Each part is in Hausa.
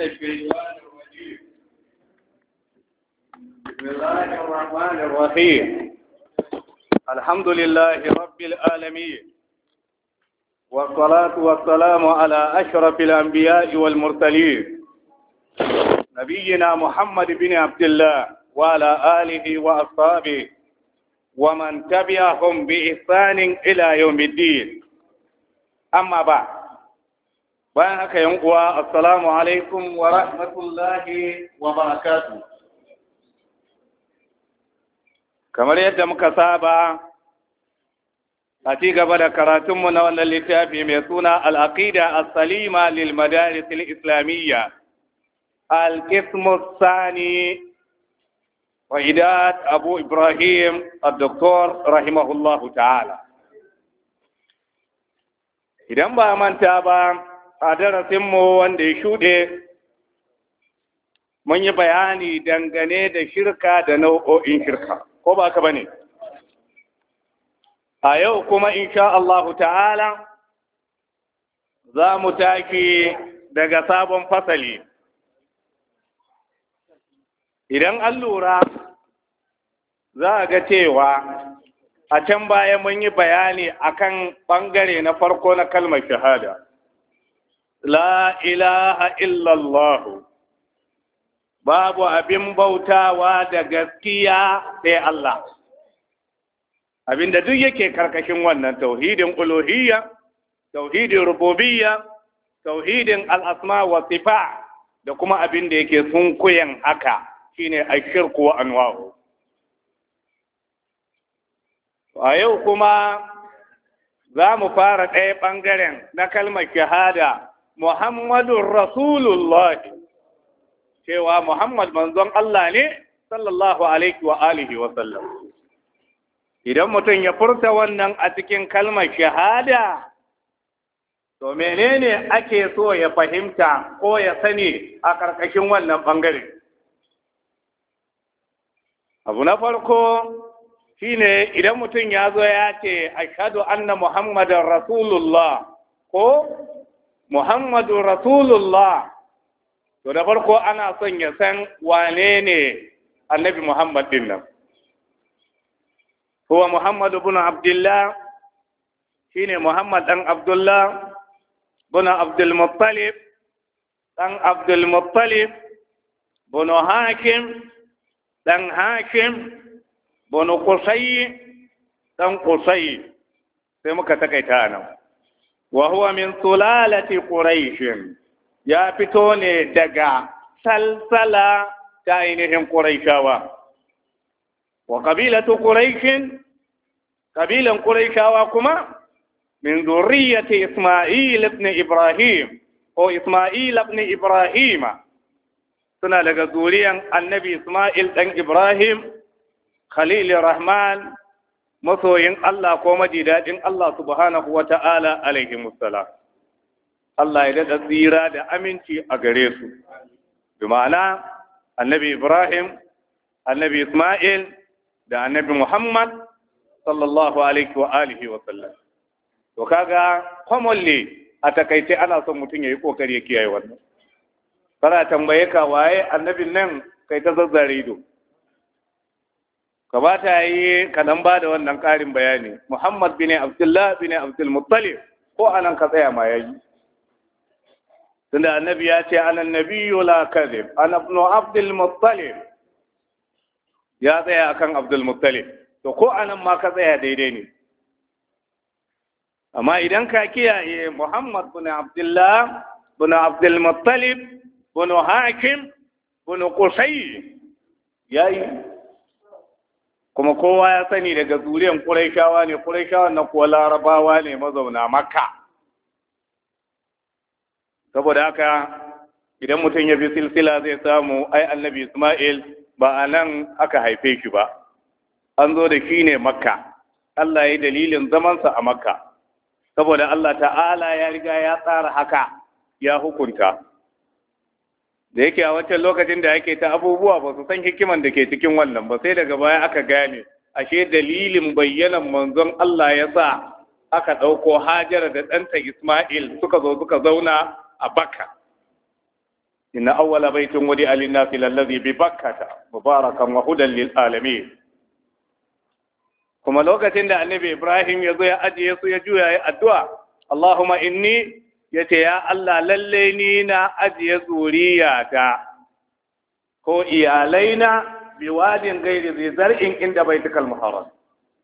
بسم الله الرحمن الرحيم الحمد لله رب العالمين والصلاة والسلام على أشرف الأنبياء والمرسلين نبينا محمد بن عبد الله وعلى آله وأصحابه ومن تبعهم بإحسان إلى يوم الدين أما بعد bayan haka yan uwa assalamu alaikum wa rahmatullahi wa barakatuh kamar yadda muka saba a ci gaba da karatun mu na wannan littafi mai suna al-aqida as-salima lil madaris al-islamiyya al-qismu qism sani wa idat abu ibrahim ad-doktor rahimahullahu ta'ala idan ba manta ba a darasin mu wanda ya shuɗe mun yi bayani dangane da shirka da nau'o'in shirka ko ba ka ba ne a yau kuma insha Allahu ta'ala za mu taki daga sabon fasali idan an lura za a ga cewa a can baya mun yi bayani akan ɓangare na farko na kalmar shahada la ilaha illallah babu abin bautawa da gaskiya sai Allah abinda duk yake karkashin wannan tauhidin uluhiyya tauhidin Rububiya, tauhidin al'asma wa sifa da kuma abinda yake sunkuyen haka shine ashirku wa anwa'u a yau kuma za mu fara ɗaya ɓangaren na kalmar shahada Muhammadun Rasulullahi cewa Muhammad manzon Allah ne sallallahu alaihi wa alihi wa sallam idan mutum ya furta wannan a cikin kalmar shahada to menene ake so ya fahimta ko ya sani a ƙarƙashin wannan ɓangare abu na farko shine idan mutum ya zo ya ce ashadu anna muhammadan rasulullah ko Muhammadu Rasulullah to da farko ana son ya san wane ne annabi Muhammad din nan huwa Muhammad ibn Abdullah shine Muhammad ɗan Abdullah ibn Abdul ɗan dan Abdul Muttalib Hakim ɗan Hakim ibn ƙusai, ɗan Qusay sai muka takaita nan Wahuwa huwa min sulalati quraish ya fito ne daga salsala ta ainihin quraishawa wa qabilatu quraish qabilan quraishawa kuma min zurriyyati isma'il ibn ibrahim ko isma'il ibn ibrahim suna daga zuriyan annabi isma'il Ɗan ibrahim khalil rahman masoyin Allah ko maji daɗin Allah subhanahu wa ta'ala alaihi musala. Allah ya daɗa tsira da aminci a gare su. Bi annabi Ibrahim, annabi Ismail, da annabi Muhammad sallallahu alaihi wa alihi wa sallam. To kaga commonly a takaice ana son mutum ya yi kokari ya kiyaye wannan. Kana tambaye ka waye annabin nan kai ta zazzare ido. kamata yi kaɗan ba da wannan ƙarin bayani muhammad bin abdullah bin abdulmuttalib ko anan ka tsaya ma yayi tunda annabi ya ce anan nabiyyu la kadhib ana ibn abdulmuttalib ya tsaya akan abdulmuttalib to ko anan ma ka tsaya daidai ne amma idan ka kiyaye muhammad bin abdullah bin abdulmuttalib bin hakim bin qusay yayi kuma kowa ya sani daga zuriyan Qurayshawa ne Qurayshawa na kuwa Larabawa ne mazauna Makka saboda haka idan mutum ya fi silsila zai samu ai annabi Ismail ba a nan aka haife shi ba an zo da shi ne Makka Allah ya yi dalilin zamansa a Makka saboda Allah ta'ala ya riga ya tsara haka ya hukunta da yake a wancan lokacin da ake ta abubuwa ba su san hikiman da ke cikin wannan ba sai daga baya aka gane ashe dalilin bayyanan manzon Allah ya sa aka ɗauko hajara da ɗanta Ismail suka zo suka zauna a Bakka. Inna awwala baitin wadi alinna fil allazi bi bakkata mubarakan wa hudan lil alamin. Kuma lokacin da Annabi Ibrahim ya zo ya ajiye su ya juya ya addu'a Allahumma inni ya ce ya Allah lalle ni na ajiye zuriya ta. ko iyalai iyalaina biwadin gairi zai zar'in inda bai tukal muharram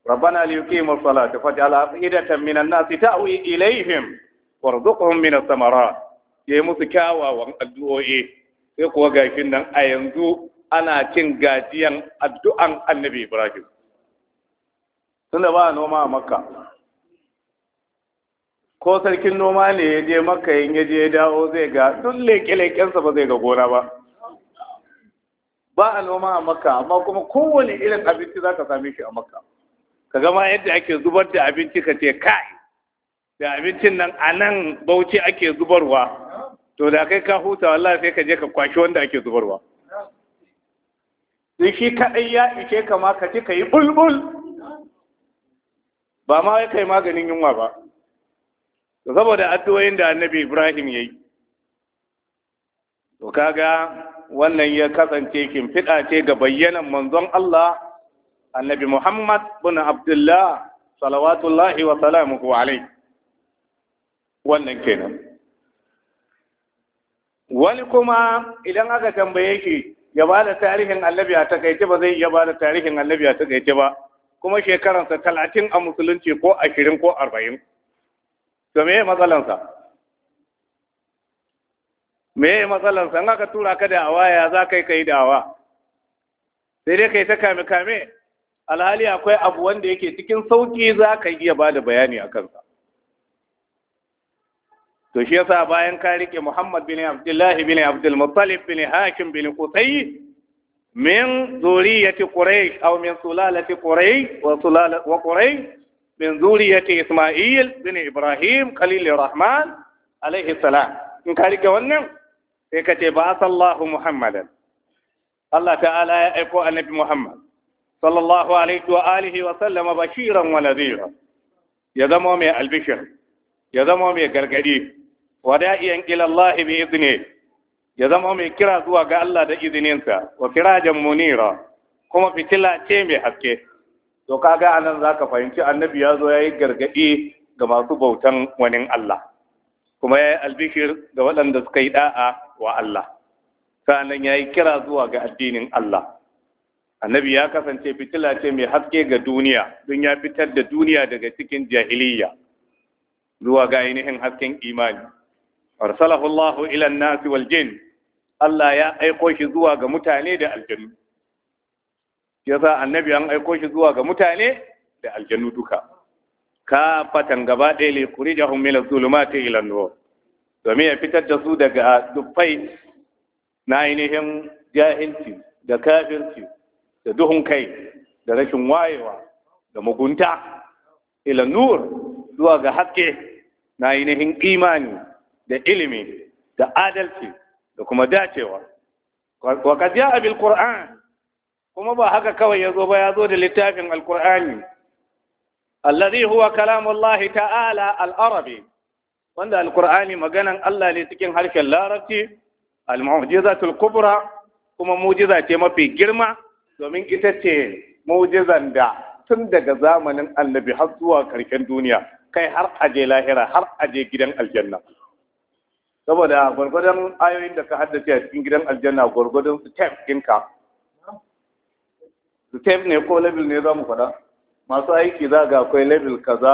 rabbana li yuqimu mursala ta faɗi, afidatan min an-nasi wuyi ilaihim, warzuqhum min ath-thamarat yayi musu kyawawan addu'o'i sai kuwa gafin nan a yanzu ana cin gajiyan addu'an annabi ibrahim tunda ba noma a makka ko sarkin noma ne ya je maka yin ya je dawo zai ga duk leƙe-leƙensa ba zai ga gona ba ba a noma a makka amma kuma kowane irin abinci za ka same shi a makka ka gama yadda ake zubar da abinci ka ce kai da abincin nan a nan bauchi ake zubarwa to da kai ka huta wallah sai ka je ka kwashi wanda ake zubarwa sai shi kaɗai ya ishe ka ma ka ce ka yi bulbul ba ma kai maganin yunwa ba to saboda addu'o'in da annabi ibrahim ya yi to kaga wannan ya kasance kimfiɗa ce ga bayyanan manzon allah annabi muhammad bin abdullah salawatullahi wa salamuhu alai wannan kenan wani kuma idan aka tambaye shi ya ba da tarihin annabi a takaice ba zai iya ba da tarihin annabi a takaice ba kuma shekaransa talatin a musulunci ko ashirin ko arba'in to me matsalansa me matsalansa in aka tura ka da awa ya za kai yi da awa sai dai ka yi ta kame kame alhali akwai abu wanda yake cikin sauki za ka iya ba da bayani a kansa to shi yasa bayan ka rike Muhammad bin Abdullahi, bin Abdul bin Hakim bin Qusay min zuriyati quraish aw min sulalati quraish wa sulala wa quraish min zuriyati Isma'il bin Ibrahim Khalilur Rahman alaihi salam in ka rike wannan sai ka ce ba sallahu Muhammadan Allah ta'ala ya aiko annabi Muhammad sallallahu alaihi wa alihi wa sallama bashiran wa nadhira ya zama mai albishir ya zama mai gargadi wada'iyan ila Allah bi izni ya zama mai kira zuwa ga Allah da izininsa wa firajan munira kuma fitila ce mai haske to kaga anan zaka fahimci annabi ya zo yayi gargaɗi ga masu bautan wani Allah kuma yayi albishir ga waɗanda suka yi da'a wa Allah sanan yayi kira zuwa ga addinin Allah annabi ya kasance fitila ce mai haske ga duniya don ya fitar da duniya daga cikin jahiliya zuwa ga ainihin hasken imani arsalahu Allahu ila an-nas wal Allah ya aiko shi zuwa ga mutane da aljanu. yasa annabi an aiko shi zuwa ga mutane da aljanu duka ka fatan gaba ɗaya li kuri da az zuluma ta ilan nur domin ya fitar da su daga dubbai na ainihin jahilci da kafirci da duhun kai da rashin wayewa da mugunta ilan nur zuwa ga haske na ainihin imani da ilimi da adalci da kuma dacewa وقد جاء بالقرآن kuma ba haka kawai ya zo ba ya zo da littafin alkur'ani allazi huwa kalamullahi ta'ala al-arabi wanda alkur'ani maganan Allah ne cikin harshen larabci al-mu'jizatul kubra kuma mu'jiza ce mafi girma domin ita ce mu'jizan da tun daga zamanin annabi har zuwa karshen duniya kai har aje lahira har aje gidan aljanna saboda gwargwadon ayoyin da ka haddace a cikin gidan aljanna gwargwadon su tef ɗinka step ne ko level ne za mu faɗa masu aiki za ga akwai level kaza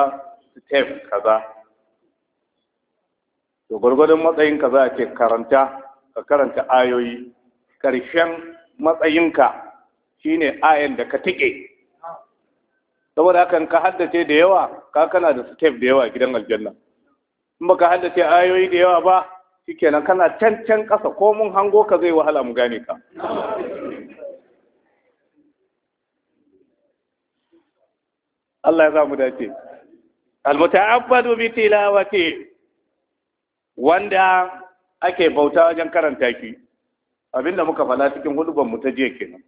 step kaza to gwargwadon matsayin ka za a ce karanta ka karanta ayoyi ƙarshen matsayinka shine ayan da ka tike saboda hakan ka haddace da yawa ka kana da step da yawa gidan aljanna in ba ka haddace ayoyi da yawa ba shikenan kana can can ƙasa ko mun hango ka zai wahala mu gane ka Allah ya za mu dace almuta'abbadu bi tilawati wanda ake bauta wajen karanta ki abinda muka fada cikin hudubar mu ta jiya kenan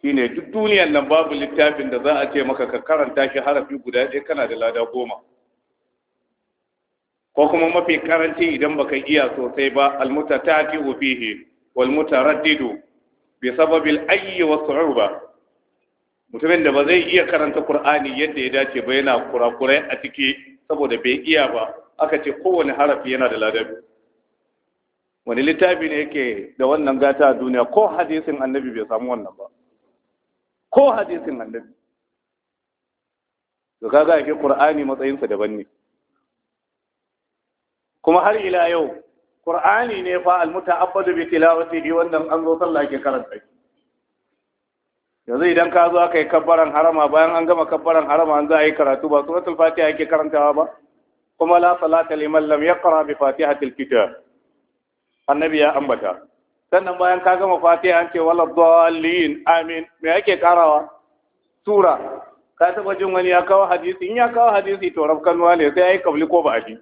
shine duk duniyar nan babu littafin da za a ce maka ka karanta shi harafi guda ɗaya kana da lada goma ko kuma mafi karanci idan baka iya sosai ba almutatati fihi wal mutaraddidu bi sababil ayyi was su'uba mutumin da ba zai iya karanta Qur'ani yadda ya dace ba yana kurakurai a ciki saboda bai iya ba aka ce kowane harafi yana da ladabi wani littafi ne yake da wannan gata a duniya ko hadisin annabi bai samu wannan ba ko hadisin annabi to kaga yake Qur'ani matsayinsa daban ne kuma har ila yau Qur'ani ne fa al-muta'abbadu bi tilawatihi wannan an zo sallah ke karanta shi yanzu idan ka zo aka yi kabbaran harama bayan an gama kabbaran harama an za a yi karatu ba suratul fatiha ake karantawa ba kuma la salata liman lam yaqra bi fatihatil kitab annabi ya ambata sannan bayan ka gama fatiha an ce wala dallin amin me yake karawa sura ka taba jin wani ya kawo hadisi in ya kawo hadisi to rafkanuwa ne sai ai kabli ko ba a ji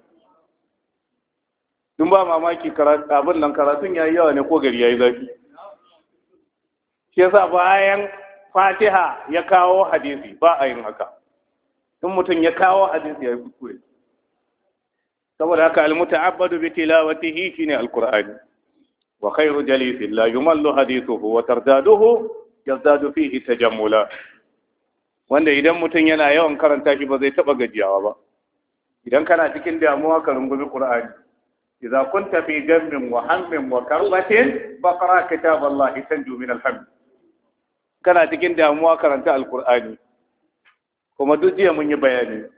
dun ba mamaki abin nan karatun ya yawa ne ko gari ya zafi shi yasa bayan fatiha ya kawo hadisi ba a yin haka in mutum ya kawo hadisi ya yi kuskure saboda haka almuta'abbadu bi tilawatihi shine alqur'ani wa khairu jalisin la yumallu hadithuhu wa tardaduhu yazdadu fihi tajammula wanda idan mutum yana yawan karanta shi ba zai taba gajiyawa ba idan kana cikin damuwa ka rungumi qur'ani idza kunta fi jammin wa hammin wa karbatin faqra kitaballahi tanju min alhamd kana cikin damuwa karanta alkur'ani kuma duk jiya mun yi bayani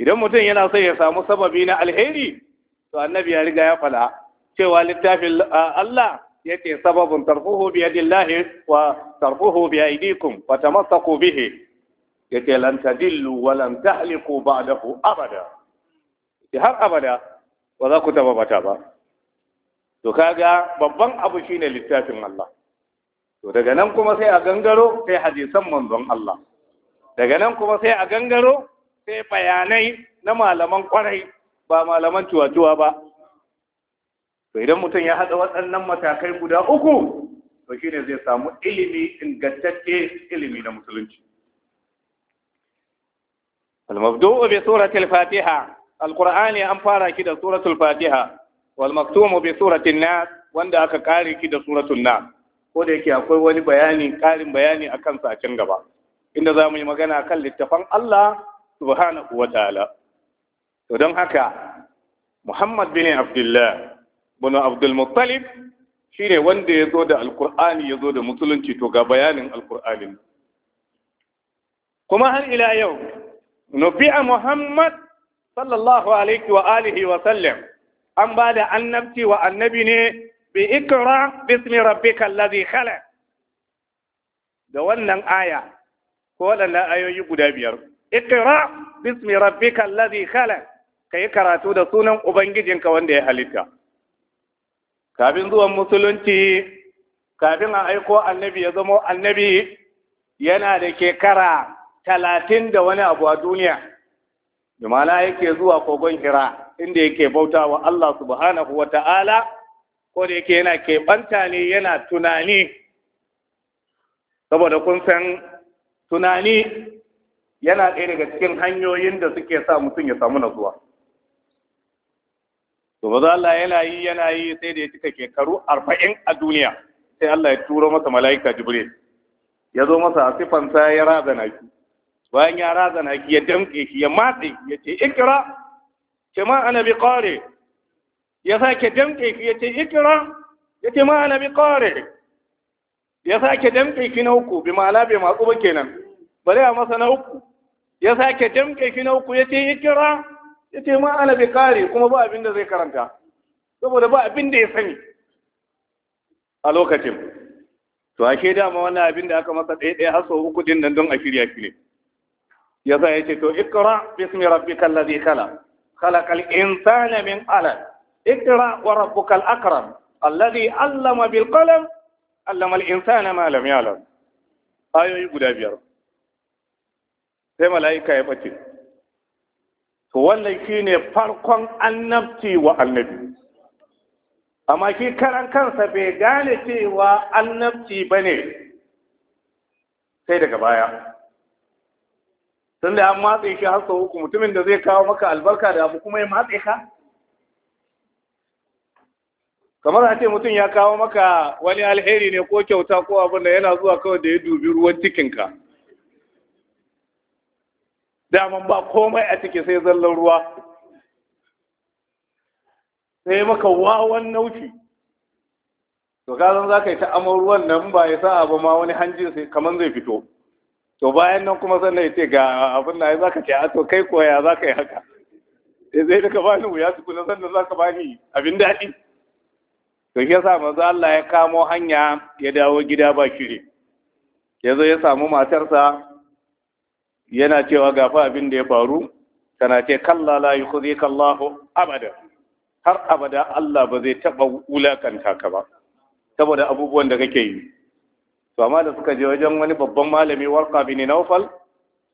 idan mutum yana so ya samu sababi na alheri to annabi ya riga ya fada cewa littafin Allah yake sababun tarfuhu bi yadillahi wa tarfuhu bi aydikum wa tamassaku bihi yake lan tadillu wa lan tahliku ba'dahu abada har abada ba za ku taba bata ba to kaga babban abu shine littafin Allah to daga nan kuma sai a gangaro sai hadisan manzon Allah daga nan kuma sai a gangaro sai bayanai na malaman kwarai ba malaman tuwa-tuwa ba to idan mutum ya haɗa waɗannan matakai guda uku to shine zai samu ilimi ingantacce ilimi na musulunci Al-mahdu Al-Fatiha, Al-ƙur'ani an المبدوء بسورة الفاتحة القرآن أنفار كده سورة الفاتحة والمكتوم nas wanda aka kare ki da suratul nas ko da yake akwai wani bayani ƙarin bayani a kansa a can gaba inda za mu yi magana kan littafan Allah subhanahu wa ta'ala to don haka Muhammad bin Abdullah bin Abdul Muttalib shine wanda ya zo da alkur'ani ya zo da musulunci to ga bayanin alkur'ani kuma har ila yau nabi'a muhammad sallallahu alaihi wa alihi wa sallam an ba da annabci wa annabi ne bi ikra bismi rabbika allazi khala da wannan aya ko waɗannan ayoyi guda biyar ikra bismi rabbika allazi Ka kai karatu da sunan ubangijinka wanda ya halitta kafin zuwan musulunci kafin a aiko annabi ya zama annabi yana da kekara talatin da wani abu a duniya da mana yake zuwa kogon hira inda yake bauta wa Allah subhanahu wa ta'ala ko da yake yana keɓanta ne yana tunani saboda kun san tunani yana ɗaya daga cikin hanyoyin da suke sa mutum ya samu natsuwa to ba Allah yana yi yana yi sai da ya cika shekaru arba'in a duniya sai Allah ya turo masa mala'ika Jibril ya zo masa a sifansa ya razana shi bayan ya razana shi ya damƙe shi ya matse ya ce ikira kama ana bi ya sake damƙe ki ya ce ikira ya ce ma'ana bi ƙare ya sake damƙe ki na uku bi ma'ana bi matsu ba kenan bari a masa na uku ya sake damƙe ki na uku ya ce ikira ya ce ma'ana bi kare kuma ba abin da zai karanta saboda ba abin da ya sani a lokacin to ake dama wannan abin da aka masa ɗaya ɗaya har sau uku din nan don a shirya shi ne ya sa ya ce to ikira bismi rabbikal kala. Kala khalaqal insana min alaq اقرأ وربك الأكرم الذي علم بالقلم علم الإنسان ما لم يعلم ayoyi guda biyar sai mala'ika ya ɓace to wannan shi ne farkon annabci wa annabi amma karan kansa bai gane cewa annabci ba ne sai daga baya tun an matse shi har sau uku mutumin da zai kawo maka albarka da abu kuma ya matse ka kamar a ce mutum ya kawo maka wani alheri ne ko kyauta ko abin da yana zuwa kawai da ya dubi ruwan cikinka daman ba komai a ciki sai zallan ruwa sai maka wawan nauki to kazan za ka yi ta'amar ruwan nan ba ya sa'a ba ma wani hanjin sai kamar zai fito to bayan nan kuma sannan ya ce ga abin da za ka ce a to kai koya za ka yi haka eh, sai duka bani wuya tukuna sannan za ka bani abin daɗi to shi yasa manzo Allah ya kamo hanya ya dawo gida ba shiri yazo ya samu matarsa yana cewa gafa abin da ya faru tana ce kalla la yukhzika Allah abada har abada Allah ba zai taba wulakanta ka ba saboda abubuwan da kake yi to amma da suka je wajen wani babban malami warqa bin Nawfal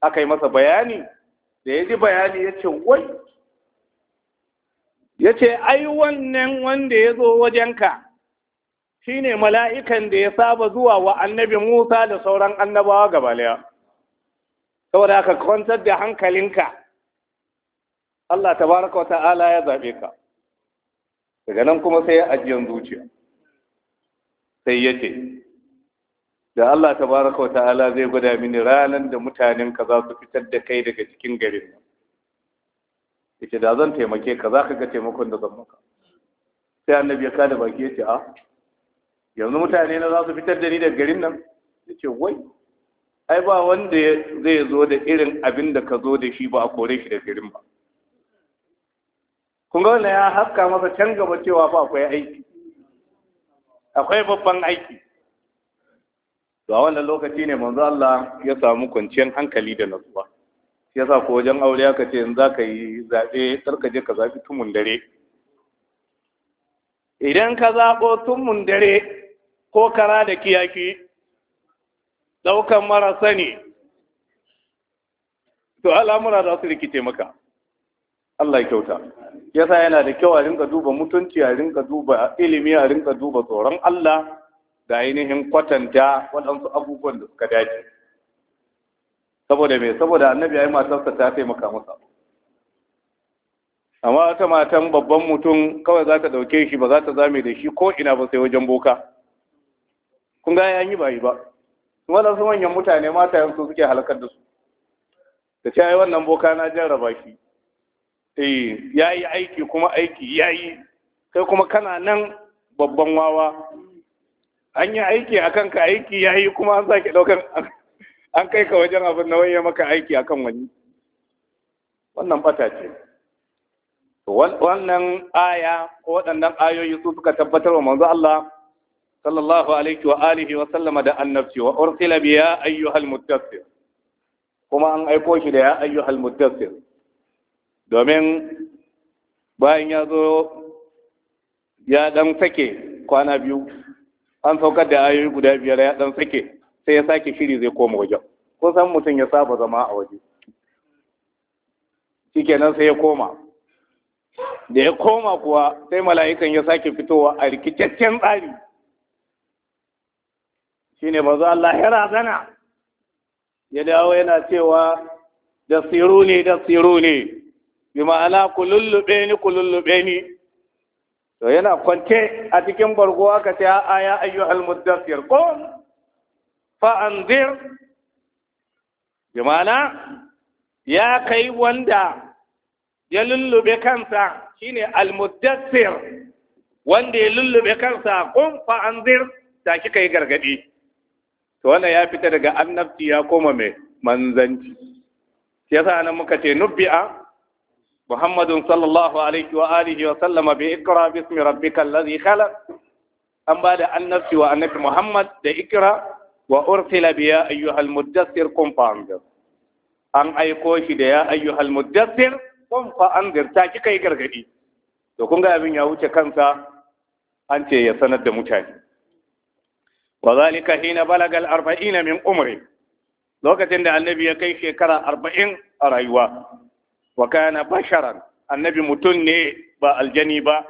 aka yi masa bayani da ya ji bayani ya ce wai ya ce ai wannan wanda ya zo wajenka shi ne mala'ikan da ya saba zuwa wa annabi musa da sauran annabawa gabaliya saboda ka kwantar da hankalinka Allah Ta baraka wata'ala ya zaɓe ka daga nan kuma sai ya ajiyar zuciya sai ya ce da Allah Ta baraka wata'ala zai gwada mini ranar da mutanenka za su fitar da kai daga cikin garin nan yake da zan taimake ka Za ka ga taimakon da zan maka sai annabi ya kada baki yace a ah, yanzu mutane na za su fitar da ni daga garin nan yace wai ai ba wanda zai zo da irin abin da ka zo da shi ba a kore shi da garin ba kun ga wannan ya haska masa can gaba cewa ba akwai aiki akwai babban aiki to a wannan lokaci ne manzo Allah ya samu kwanciyar hankali da nutsuwa ya sa ko wajen aure aka ce in za ka yi zaɓe ka je ka zaɓi tumun dare idan ka zaɓo tumun dare ko kara da kiyaki ɗaukan mara sani to al'amura za su rikice maka Allah kyauta yasa yana da kyau a rinka duba mutunci a rinka duba ilimi a rinka duba tsoron Allah da ainihin kwatanta waɗansu abubuwan da suka dace saboda me saboda annabi yi matarsa ta taimaka masa amma wata matan babban mutum kawai za ta ɗauke shi ba za ta zame da shi ko ina ba sai wajen boka kun ga ya yi ba yi ba su manyan mutane mata yanzu suke halakar da su da ce ai wannan boka na jarraba shi eh ya yi aiki kuma aiki ya yi kai kuma kana nan babban wawa an yi aiki a kanka aiki ya yi kuma an sake ɗaukan an kai ka wajen abin na ya maka aiki akan wani wannan bata ce wannan aya ko waɗannan ayoyi su suka tabbatar wa manzo Allah sallallahu alaihi wa alihi wa sallama da annabci wa ursila bi ya ayyuhal muttasil kuma an aiko shi da ya ayyuhal muttasil domin bayan ya zo ya dan sake kwana biyu an saukar da ayoyi guda biyar ya dan sake sai ya sake shiri zai koma wajen ko san mutum ya saba zama a waje shikenan sai ya koma da ya koma kuwa sai mala'ikan ya sake fitowa a rikicaccen tsari shine manzo Allah ya razana ya dawo yana cewa da siru ne da siru ne bi ma'ana lullube ni ku lullube ni to yana kwance a cikin barguwa aka ce a ya ayyu al mudaffir qum fa'anzir bi mana ya kai wanda ya lullube kansa shine almuddassir wanda ya lullube kansa kun fa'anzir ta kika yi gargadi to wannan ya fita daga annabci ya koma mai manzanci shi yasa nan muka ce nubbi'a muhammadun sallallahu alaihi wa alihi wa sallama bi ikra bismi rabbikal ladhi khalaq an ba da annabci wa annabi muhammad da ikra wa ursila bi ya ayyuhal muddassir qum fa anzir an aiko shi da ya ayyuhal muddassir qum fa anzir ta ki kai gargadi to kun ga abin ya wuce kansa an ce ya sanar da mutane wa zalika hina balagal arba'ina min umri lokacin da annabi ya kai shekara arba'in a rayuwa wa kana basharan annabi mutum ne ba aljani ba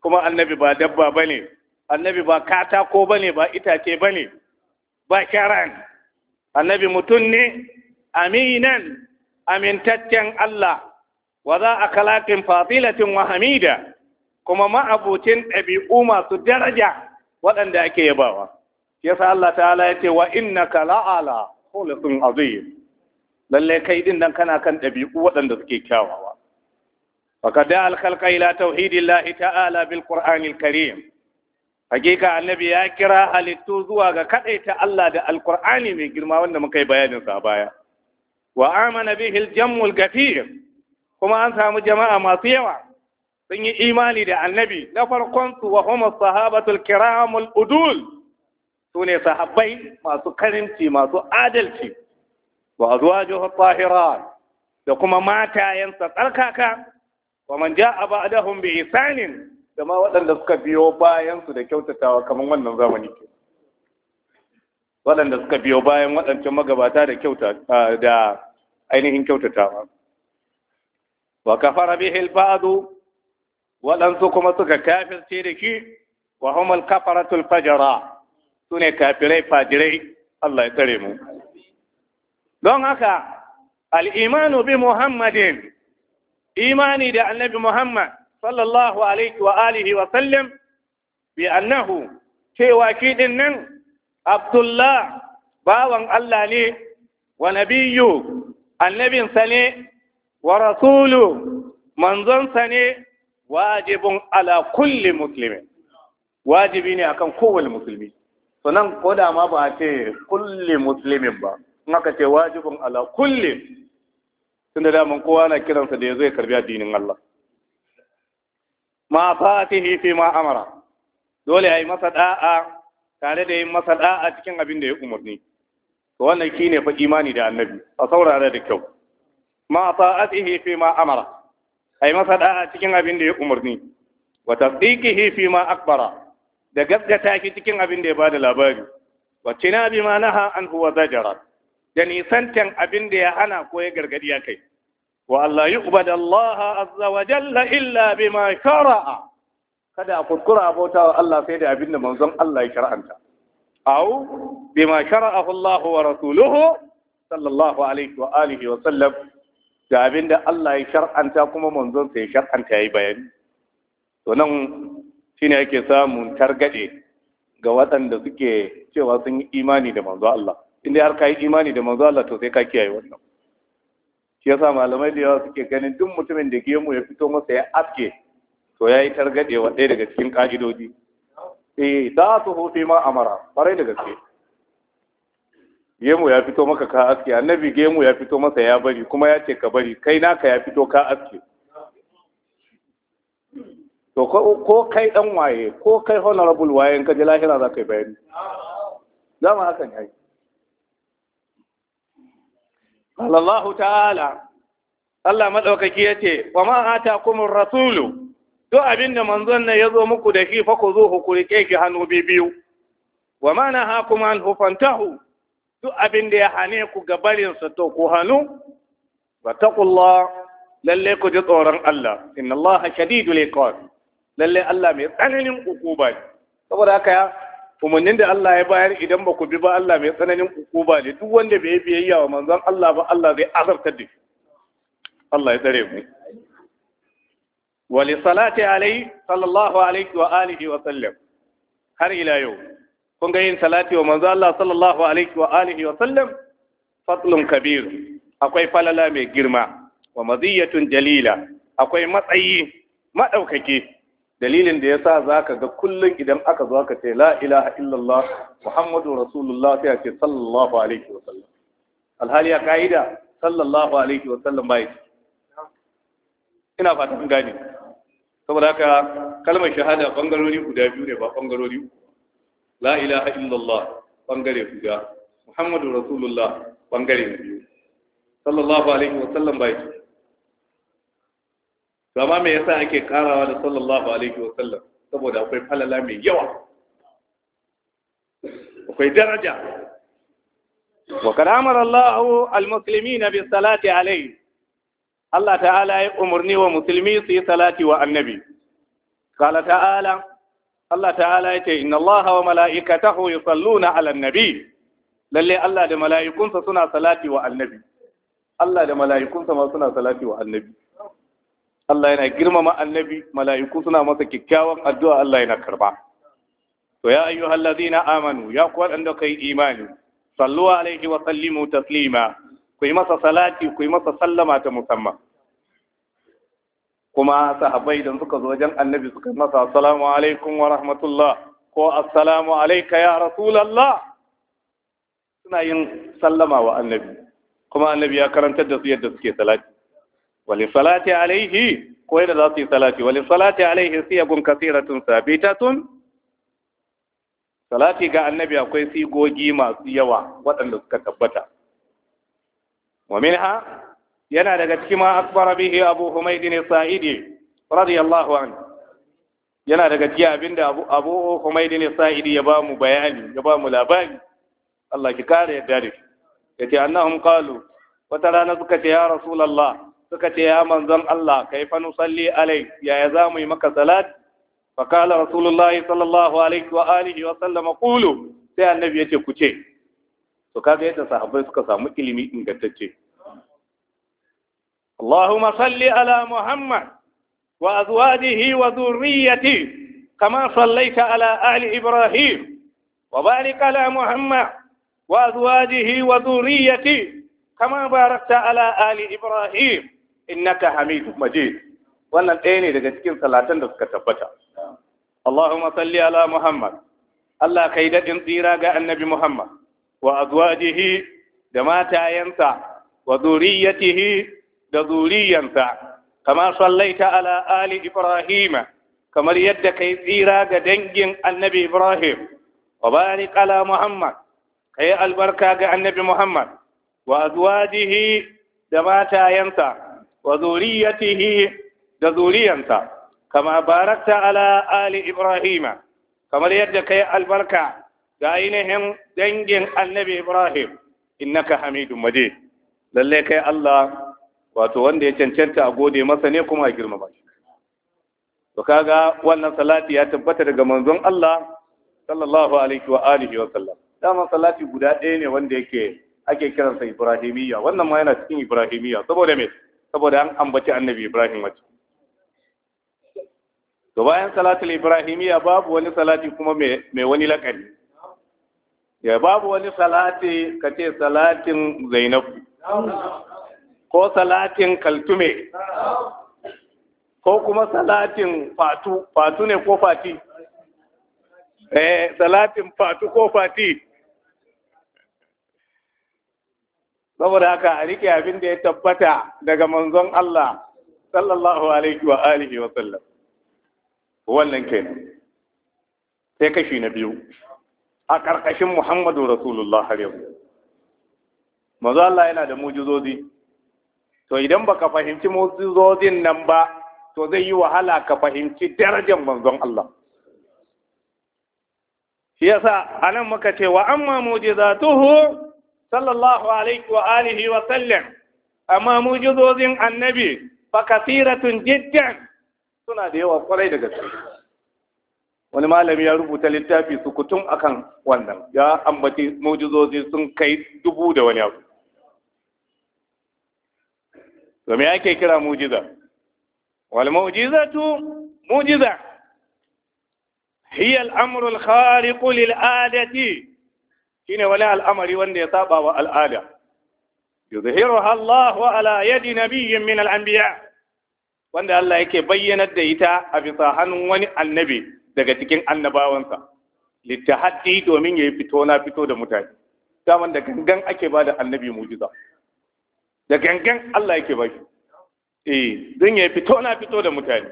kuma annabi ba dabba bane annabi ba katako ne, ba itace bane bakaran annabi mutum ne aminan amintaccen Allah wa za a kalaƙin fadilatin wa hamida kuma ma'abucin ɗabi'u masu daraja waɗanda ake yabawa yasa Allah ta'ala ya ce wa innaka la'ala khulqun azim Lallai kai din nan kana kan ɗabi'u waɗanda suke kyawawa ka da al-khalqa ila tauhidillahi ta'ala bil qur'anil karim hakika annabi ya kira halittu zuwa ga kadaita Allah da alkur'ani mai girma wanda muka yi bayanin sa baya wa amana bihi aljamul gafir kuma an samu jama'a masu yawa sun yi imani da annabi na farkon su wa huma sahabatul kiramul udul sune sahabbai masu karimci masu adalci wa azwajuhu tahirat da kuma matayensa tsarkaka wa man ja'a ba'dahum bi isanin da ma waɗanda suka biyo bayan su da kyautatawa kamar wannan zamani ke waɗanda suka biyo bayan waɗancan magabata da kyauta da ainihin kyautatawa wa kafara bihi al-ba'du waɗansu kuma suka kafirce da shi wa humul kafaratul fajara sune kafirai fajirai Allah ya tsare mu don haka al-imanu bi muhammadin imani da annabi muhammad sallallahu alaihi wa alihi wa sallam bi annahu cewa shi nan Abdullah bawan Allah ne wa nabiyyu annabinsa ne wa rasulu manzonsa ne wajibin ala kulli wajibi ne akan kowane musulmi sannan ko da ma ba a ce kulli muslimin ba in aka ce wajibin ala kulli da daman kowa na kiransa da ya zai karbi addinin Allah ma fatihi fi ma amara dole ayi masa da'a tare da yin masa da'a cikin abin da ya umarni to wannan shine fa imani da annabi a saurara da kyau ma fa'atihi fi ma amara ayi masa da'a cikin abin da ya umarni wa tasdiqihi fi ma akbara da gaskata ki cikin abin da ya bada labari wa tinabi ma naha an huwa zajara da nisantan abin da ya hana ko ya gargadi ya kai wa Allah yuqbad Allah azza wa jalla illa bima shara'a kada a kuskura abota wa Allah sai da abinda manzon Allah ya shar'anta aw bima shara'ahu Allah wa rasuluhu sallallahu alaihi wa alihi wa sallam da abinda Allah ya shar'anta kuma manzon sai ya shar'anta yayi bayani to nan shine yake samun targade ga waɗanda suke cewa sun yi imani da manzo Allah inda har ka yi imani da manzo Allah to sai ka kiyaye wannan shi yasa malamai da yawa suke ganin duk mutumin da gemu ya fito masa ya aske to ya yi targaɗewa ɗaya daga cikin ƙa'idodi eh za su hoto ma amara ƙwarai da gaske gemu ya fito maka ka aske annabi gemu ya fito masa ya bari kuma ya ce ka bari kai naka ya fito ka aske to ko kai dan waye ko kai honorable in ka ji lahira za ka yi bayani dama hakan yayi sallallahu ta'ala Allah madaukaki yace wa ma atakumur rasulu to abinda manzon nan zo muku da shi fa ku zo ku rike ki hannu biyu wa ma nahakum an hufantahu Duk abinda ya hane ku gabarin sa to ku hanu wattaqullah lalle ku ji tsoron Allah inna Allah shadidul iqab Allah mai tsananin hukuma saboda aka ya. umarnin da Allah ya bayar idan ba ku bi ba Allah mai tsananin hukuma ne duk wanda bai biyayya wa manzon Allah ba Allah zai azabtar da shi Allah ya tsare mu wali salati alai sallallahu alaihi wa alihi wa sallam har ila yau kun ga yin salati wa manzon Allah sallallahu alaihi wa alihi wa sallam fatlun kabir akwai falala mai girma wa maziyatun jalila akwai matsayi madaukake dalilin da ya sa za ka ga kullum idan aka zo aka ce la ilaha illallah muhammadu rasulullah sai ce sallallahu alaihi wa sallam alhali ya kaida sallallahu alaihi wa sallam bai ina fata kun gane saboda haka kalmar shahada bangarori guda biyu ne ba bangarori uku la ilaha illallah bangare guda muhammadu rasulullah bangare biyu sallallahu alaihi wa sallam bai amma me yasa ake karawa da sallallahu alaihi wa sallam saboda akwai falala mai yawa akwai daraja wa kad amara Allah al-muslimina bi salati alaihi Allah ta'ala ya umarni wa musulmi su yi salati wa annabi qala ta'ala Allah ta'ala ya ce inna Allah wa mala'ikatahu yusalluna 'alan nabi lalle Allah da mala'ikunsa suna salati wa annabi Allah da mala'ikunsa ma suna salati wa annabi Allah yana girmama annabi mala'iku suna masa kyakkyawan addu'a Allah yana karba to ya ayyu ayyuhal ladina amanu ya ku ka yi imani sallu alaihi wa sallimu taslima ku yi masa salati ku yi masa sallama ta musamman kuma sahabai idan suka zo wajen annabi suka masa assalamu alaikum wa rahmatullah ko assalamu alaika ya rasulallah suna yin sallama wa annabi kuma annabi ya karantar da su yadda suke salati wali salati alaihi ko yadda za su yi salati wali salati alaihi siyagun kasiratun sabitatun salati ga annabi akwai sigogi masu yawa waɗanda suka tabbata wa ha, yana daga cikin ma asbara bihi abu humaid ne sa'idi radiyallahu anhu yana daga cikin abinda abu abu humaid ne sa'idi ya ba mu bayani ya ba mu labari Allah ki kare yadda da shi yace annahum qalu wata rana suka ce ya rasulullah suka ce ya manzon Allah kai fa nusalli alai yaya za mu yi maka salat fa kala rasulullahi sallallahu alaihi wa alihi wa sallama qulu sai annabi yace ku ce to kaga yadda sahabbai suka samu ilimi ingantacce Allahumma salli ala Muhammad wa azwajihi wa sallaita dhurriyyatihi كما صليت على آل إبراهيم وبارك wa محمد وأزواجه وذريته كما باركت ala Ali Ibrahim. innaka hamidu majid wannan ɗaya ne daga cikin salatin da suka tabbata Allahumma salli ala Muhammad Allah kai daɗin tsira ga annabi Muhammad wa azwajihi da matayensa wa zuriyatihi da zuriyansa kama sallaita ala ali Ibrahim kamar yadda kai tsira ga dangin annabi Ibrahim wa barik ala Muhammad kai albarka ga annabi Muhammad wa azwajihi da matayensa wa zuriyatihi da zuriyansa kama barakta ala ali ibrahima kamar yadda kai albarka ga ainihin dangin annabi ibrahim innaka Hamidu majid lalle kai Allah wato wanda ya cancanta a gode masa ne kuma a girmama shi to kaga wannan salati ya tabbata daga manzon Allah sallallahu alaihi wa wa sallam dama salati guda ɗaya ne wanda yake ake kiransa Ibrahimiyya wannan ma yana cikin Ibrahimiyya saboda me saboda an ambaci annabi Ibrahim wace to bayan salatul ibrahimiyya babu wani salati kuma mai wani lakani ya babu wani salati kace salatin zainabu ko salatin kaltume ko kuma salatin fatu fatu ne ko fati eh salatin fatu ko fati saboda haka a rike abin da ya tabbata daga manzon Allah sallallahu alaihi wa alihi wa sallam wannan kenan sai kashi na biyu a karkashin Muhammadu Rasulullah har yau manzo Allah yana da mujizozi to idan baka fahimci mujizozin nan ba to zai yi wahala ka fahimci darajar manzon Allah Shi yasa anan muka ce wa amma mujizatuhu sallallahu alaihi wa alihi wa sallam amma mujizozin annabi fa kasiratun jiddan suna da yawa kwarai da gaske wani malami ya rubuta littafi su sukutun akan wannan ya ambaci mujizozi sun kai dubu da wani abu to me ake kira mujiza wal mujizatu mujiza hiya al-amru al-khariqu lil-adati ne wani al'amari wanda ya saba wa al'ada yuzhiruha Allah ala yadi nabiyyin min al-anbiya wanda Allah yake bayyanar da ita a bisa hannun wani annabi daga cikin annabawansa littahaddi domin ya yi fito na fito da mutane daman da gangan ake ba da annabi mujiza da gangan Allah yake ba shi eh don yayi fito na fito da mutane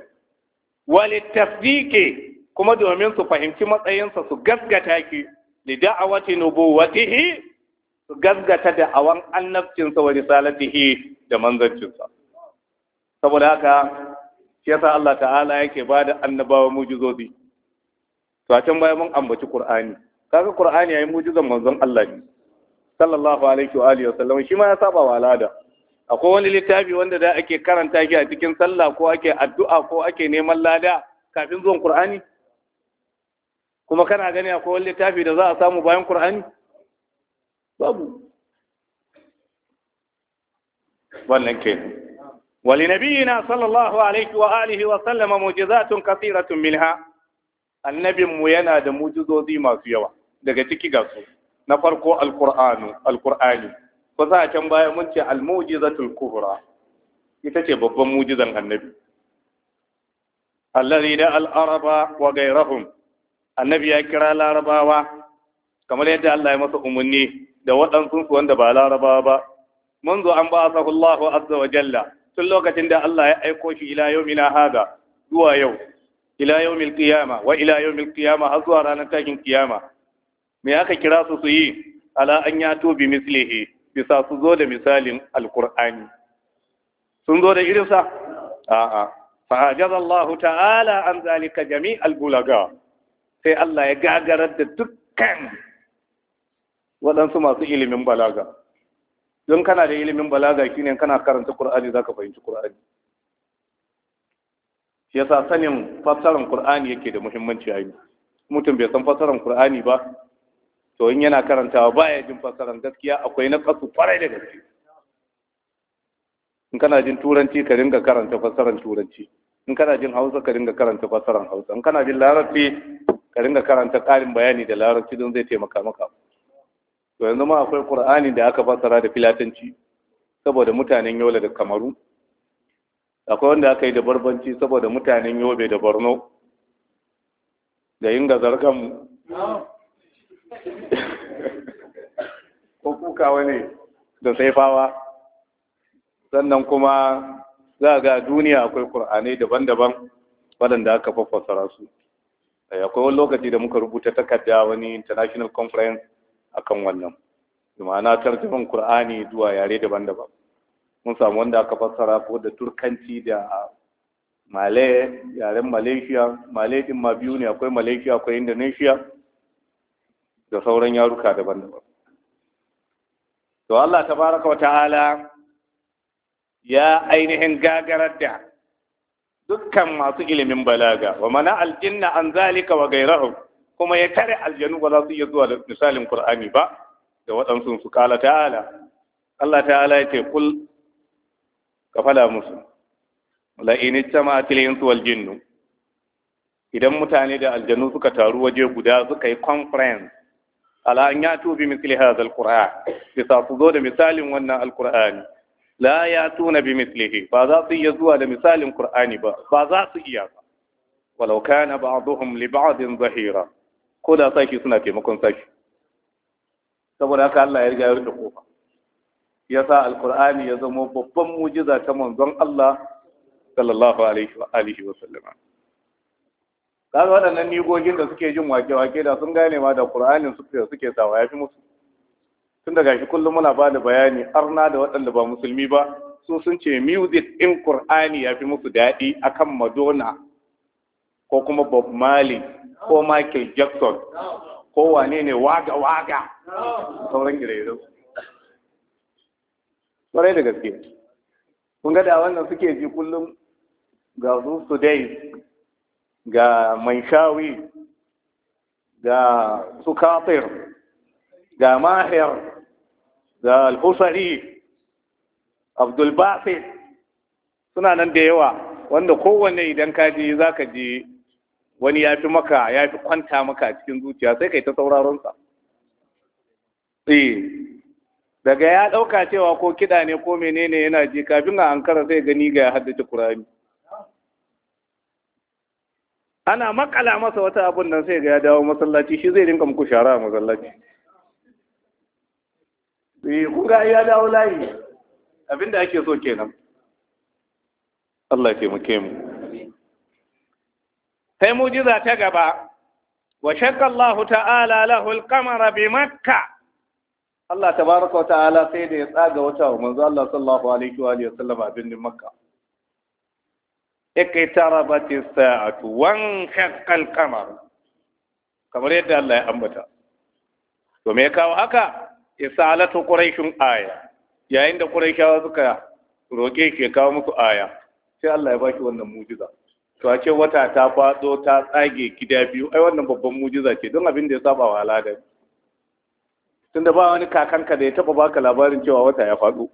walittasdiqi kuma domin su fahimci matsayinsa su gaskata ki li da'awati nubuwwatihi su gaskata da awan annabcinsa wa risalatihi da manzancinsa saboda haka shi yasa Allah ta'ala yake bada annabawa mujizobi to a can baya mun ambaci Qur'ani kaga Qur'ani yayin mujizan manzon Allah ne sallallahu alaihi wa alihi wasallam shi ma ya saba wa al'ada akwai wani littafi wanda da ake karanta shi a cikin sallah ko ake addu'a ko ake neman lada kafin zuwan Qur'ani kuma kana gani akwai wani littafi da za a samu bayan Kur'ani? babu wannan ke wali na, sallallahu alaihi wa alihi wa sallama mujizatun kasiratun minha annabinmu yana da mujizozi masu yawa daga ciki ga su na farko alqur'anu alqur'ani ko za a can baya mun ce almujizatul kubra ita ce babban mujizan annabi allazi da al'araba wa gairahum annabi ya kira larabawa kamar yadda Allah ya masa umarni da waɗansu wanda ba larabawa ba manzo an ba sahu Allahu azza wa jalla tun lokacin da Allah ya aiko shi ila yawmina hada zuwa yau ila yawmil qiyama wa ila yawmil qiyama har zuwa ranar takin kiyama. me aka kira su su yi ala an ya tobi mislihi bisa su zo da misalin alqur'ani sun zo da irinsa a'a fa ta'ala an zalika jami'al bulaga sai Allah ya gagarar da dukkan waɗansu masu ilimin balaga don kana da ilimin balaga shine kana karanta za ka fahimci ƙur'ani? shi sa sanin fassarar ƙur'ani yake da muhimmanci a yi mutum bai san fassarar ƙur'ani ba to in yana karantawa baya jin fassarar gaskiya akwai na kasu farai da gaske in kana jin turanci ka dinga karanta fassarar turanci in kana jin Hausa ka dinga karanta fassarar Hausa in kana jin Larabci ka dinga karanta ƙarin bayani da larabci don zai taimaka maka to yanzu ma akwai qur'ani da aka fassara da filatanci saboda mutanen yola da kamaru akwai wanda aka yi da barbanci saboda mutanen yobe da borno da yin gazar kanmu ko kuka wani da saifawa sannan kuma za ga duniya akwai ƙur'anai daban-daban waɗanda aka fassara su Eh, akwai wani lokaci da muka rubuta takarda wani international conference akan wannan ma'ana tarjuman qur'ani zuwa yare daban-daban mun samu wanda aka fassara ko da turkanci da malay yaren malaysia malay din ma biyu ne akwai malaysia akwai indonesia da sauran yaruka daban-daban to Allah baraka wa ta'ala ya ainihin gagarar da dukkan masu ilimin balaga wa mana aljinna an zalika wa Gairahu kuma ya kare aljanu ba za su iya zuwa da misalin qur'ani ba da waɗansu su kala ta'ala Allah ta'ala ya ce kul ka musu la in ittama'atil insu wal jinnu idan mutane da aljanu suka taru waje guda suka yi conference ala an yatu bi misli hadha alquran bisa su zo da misalin wannan alqur'ani la tuna bi mislihi ba za su iya zuwa da misalin qur'ani ba ba za su iya ba walau kana ba'dhum li ba'din zahira ko da saki suna taimakon saki saboda haka Allah ya riga ya rufe kofa Ya sa alqur'ani ya zama babban mu'jiza ta manzon Allah sallallahu alaihi wa alihi wa sallama kaga waɗannan nigogin da suke jin wake-wake da sun gane ma da Qur'anin suke suke sawa yafi musu tun da gashi kullum muna ba da bayani arna da waɗanda ba musulmi ba su sun ce music in Kur'ani ya fi musu daɗi akan Madonna ko kuma Bob Marley ko Michael Jackson ko wane ne waga waga sauran girezo ƙwarai da gaske kun ga da wannan suke ji kullum ga zuwa sudai ga manshawi ga su kafir ga mahir da الحصري عبد abdul سنا suna nan da yawa wanda kowanne idan ka je zaka ka ji wani ya fi maka ya fi kwanta maka cikin zuciya sai kai ta sauraron sa. eh daga ya ɗauka cewa ko kiɗa ne ko menene yana je kafin a ankara sai gani ga ya haddace qur'ani ana makala masa wata abun nan sai ga ya dawo masallaci shi zai rinka muku shara a masallaci eh kun ga ya dawo layi abinda ake so kenan Allah ke muke mu sai mujiza ta gaba wa shakka Allah ta'ala lahu al-qamara bi makka Allah tabaraka wa ta'ala sai da ya tsaga wata wa manzo Allah sallallahu alaihi wa sallam a birnin makka iqtarabat as-sa'atu wa shaqqa al-qamar kamar yadda Allah ya ambata to me ya kawo haka isalatu quraishun aya yayin da quraishawa suka roke shi kawo musu aya sai Allah ya bashi wannan mujiza to a ce wata ta faɗo ta tsage gida biyu ai wannan babban mujiza ce don abin da ya saba wa al'ada tunda ba wani kakanka da ya taba baka labarin cewa wata ya faɗo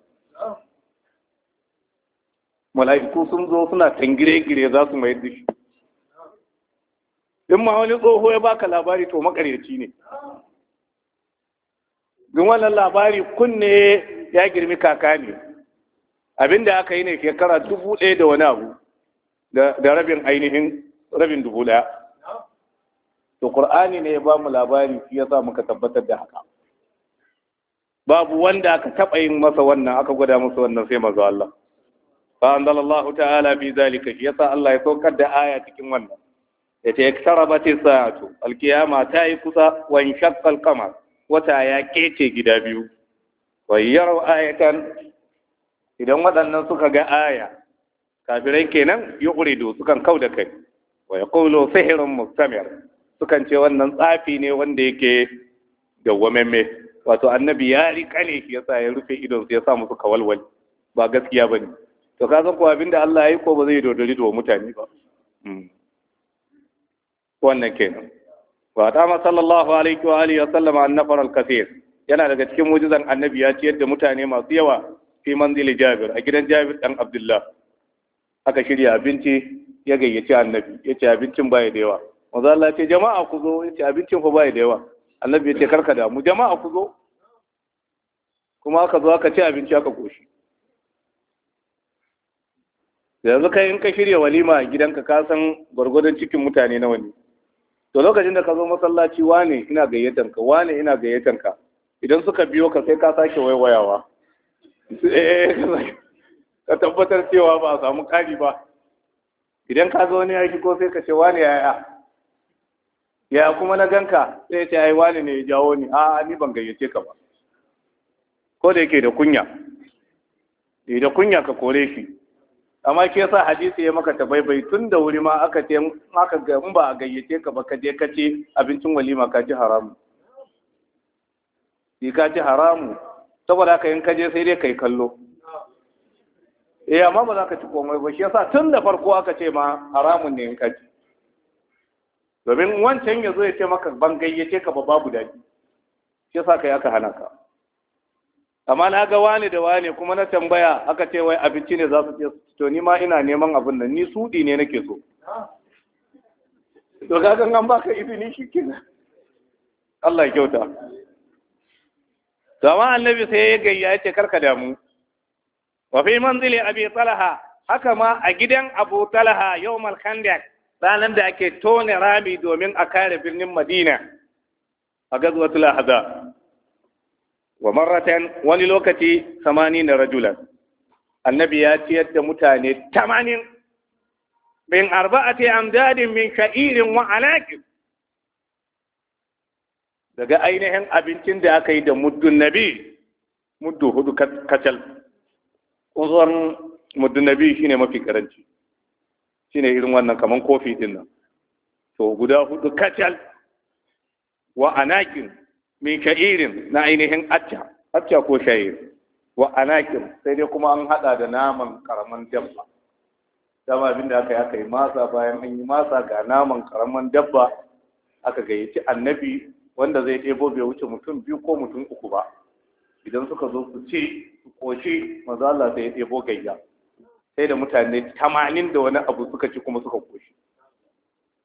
mala'iku sun zo suna tangire-gire za su mayar da shi in ma wani tsoho ya baka labari to makaryaci ne don wannan labari kunne ya girmi kaka ne abinda aka yi ne shekara dubu ɗaya da wani abu da rabin ainihin rabin dubu ɗaya to ƙur'ani ne ya ba mu labari shi sa muka tabbatar da haka babu wanda aka taɓa yin masa wannan aka gwada masa wannan sai mazu Allah fa anzalallahu ta'ala fi zalika shi yasa Allah ya saukar da aya cikin wannan yace iktarabat saatu ta yi kusa wa inshaqqa al wata ya kece gida biyu wa yaro ayatan idan waɗannan suka ga aya kafirai kenan yuqridu sukan kau da kai wa yaqulu sihrun mustamir sukan ce wannan tsafi ne wanda yake dawwamemme wato annabi ya rika ne yasa ya rufe idon ya sa musu kawalwal ba gaskiya bane to ka san ko abinda Allah ya yi ko ba zai dodori da mutane ba hmm. wannan kenan wa dama sallallahu alaihi wa alihi wa sallama annafar al-kathir yana daga cikin mujizan annabi ya ciyar da mutane masu yawa fi manzili Jabir a gidan Jabir dan Abdullah aka shirya abinci ya gayyaci annabi ya ce abincin baya da yawa manzo Allah ce jama'a ku zo ya ce abincin ku baya da yawa annabi ya ce karka da mu jama'a ku zo kuma aka zo aka ci abinci aka koshi yanzu kai in ka shirya walima a gidanka ka san gwargwadon cikin mutane nawa ne to lokacin da ka zo masallaci wane ina gayyatar ka wane ina gayyatar ka idan suka biyo ka sai ka sake waiwayawa eh, ka tabbatar cewa ba a samu kari ba idan ka zo ne ya shigo sai ka ce wane yaya ya kuma na ganka sai ce ai wane ne ya jawo ni a ni ban gayyace ka ba ko da yake da kunya eh, da kunya ka kore shi amma ke sa hadisi ya maka tabaibai tun da wuri ma aka ce maka ga in ba a gayyace ka ba ka je ka ce abincin walima ka ji haramu Ni ka ji haramu saboda ka yin ka je sai dai kai kallo eh amma ba za ka ci komai ba shi yasa tun da farko aka ce ma haramun ne in ka ci domin wancan ya zo ya ce maka ban gayyace ka ba babu daɗi shi yasa kai aka hana ka amma na ga wane da wane kuma na tambaya aka ce wai abinci ne za su ce to ni ma ina neman abin nan ni sudi ne nake so to ga an baka izini kenan. Allah ya kyauta to amma annabi sai ya gayya ya ce karka damu wa fi manzili abi talaha haka ma a gidan abu talaha yawmal khandaq ranar da ake tone rami domin a kare birnin madina a gazwatul ahzab wa marratan wani lokaci na rajulan annabi ya ciyar da mutane tamanin min arba'ati amdadin min sha'irin wa alaqin daga ainihin abincin da aka yi da muddun nabi muddu hudu kacal uzuwan muddun nabi shi ne mafi karanci ne irin wannan kamar kofi din nan to guda hudu kacal wa anakin min sha'irin na ainihin acca acca ko sha'ir wa anakin sai dai kuma an hada da naman karaman dabba dama abin da aka yi aka yi masa bayan an yi masa ga naman karaman dabba aka gayyaci annabi wanda zai ɗebo bai wuce mutum biyu ko mutum uku ba idan suka zo su ci su koshi maza Allah sai ya ɗebo gayya sai da mutane tamanin da wani abu suka ci kuma suka koshi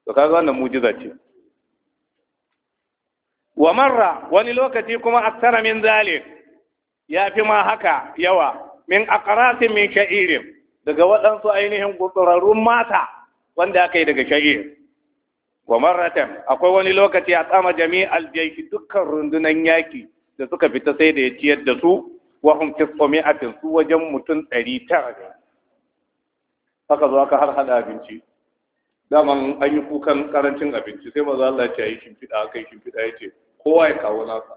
to kaga wannan mujiza ce wa marra wani lokaci kuma aksara min zalik ya fi ma haka yawa min akarasin min sha'irin daga waɗansu ainihin gutsurarrun mata wanda aka yi daga sha'ir wa marratan akwai wani lokaci a tsama jami'al jaishi dukkan rundunan yaki da suka fita sai da ya ciyar da su wa hum tis'umi'atin su wajen mutum ɗari zo aka har hada abinci daman an yi kukan karancin abinci sai maza Allah ya ce yi shimfiɗa aka yi shimfiɗa ya ce kowa ya kawo nasa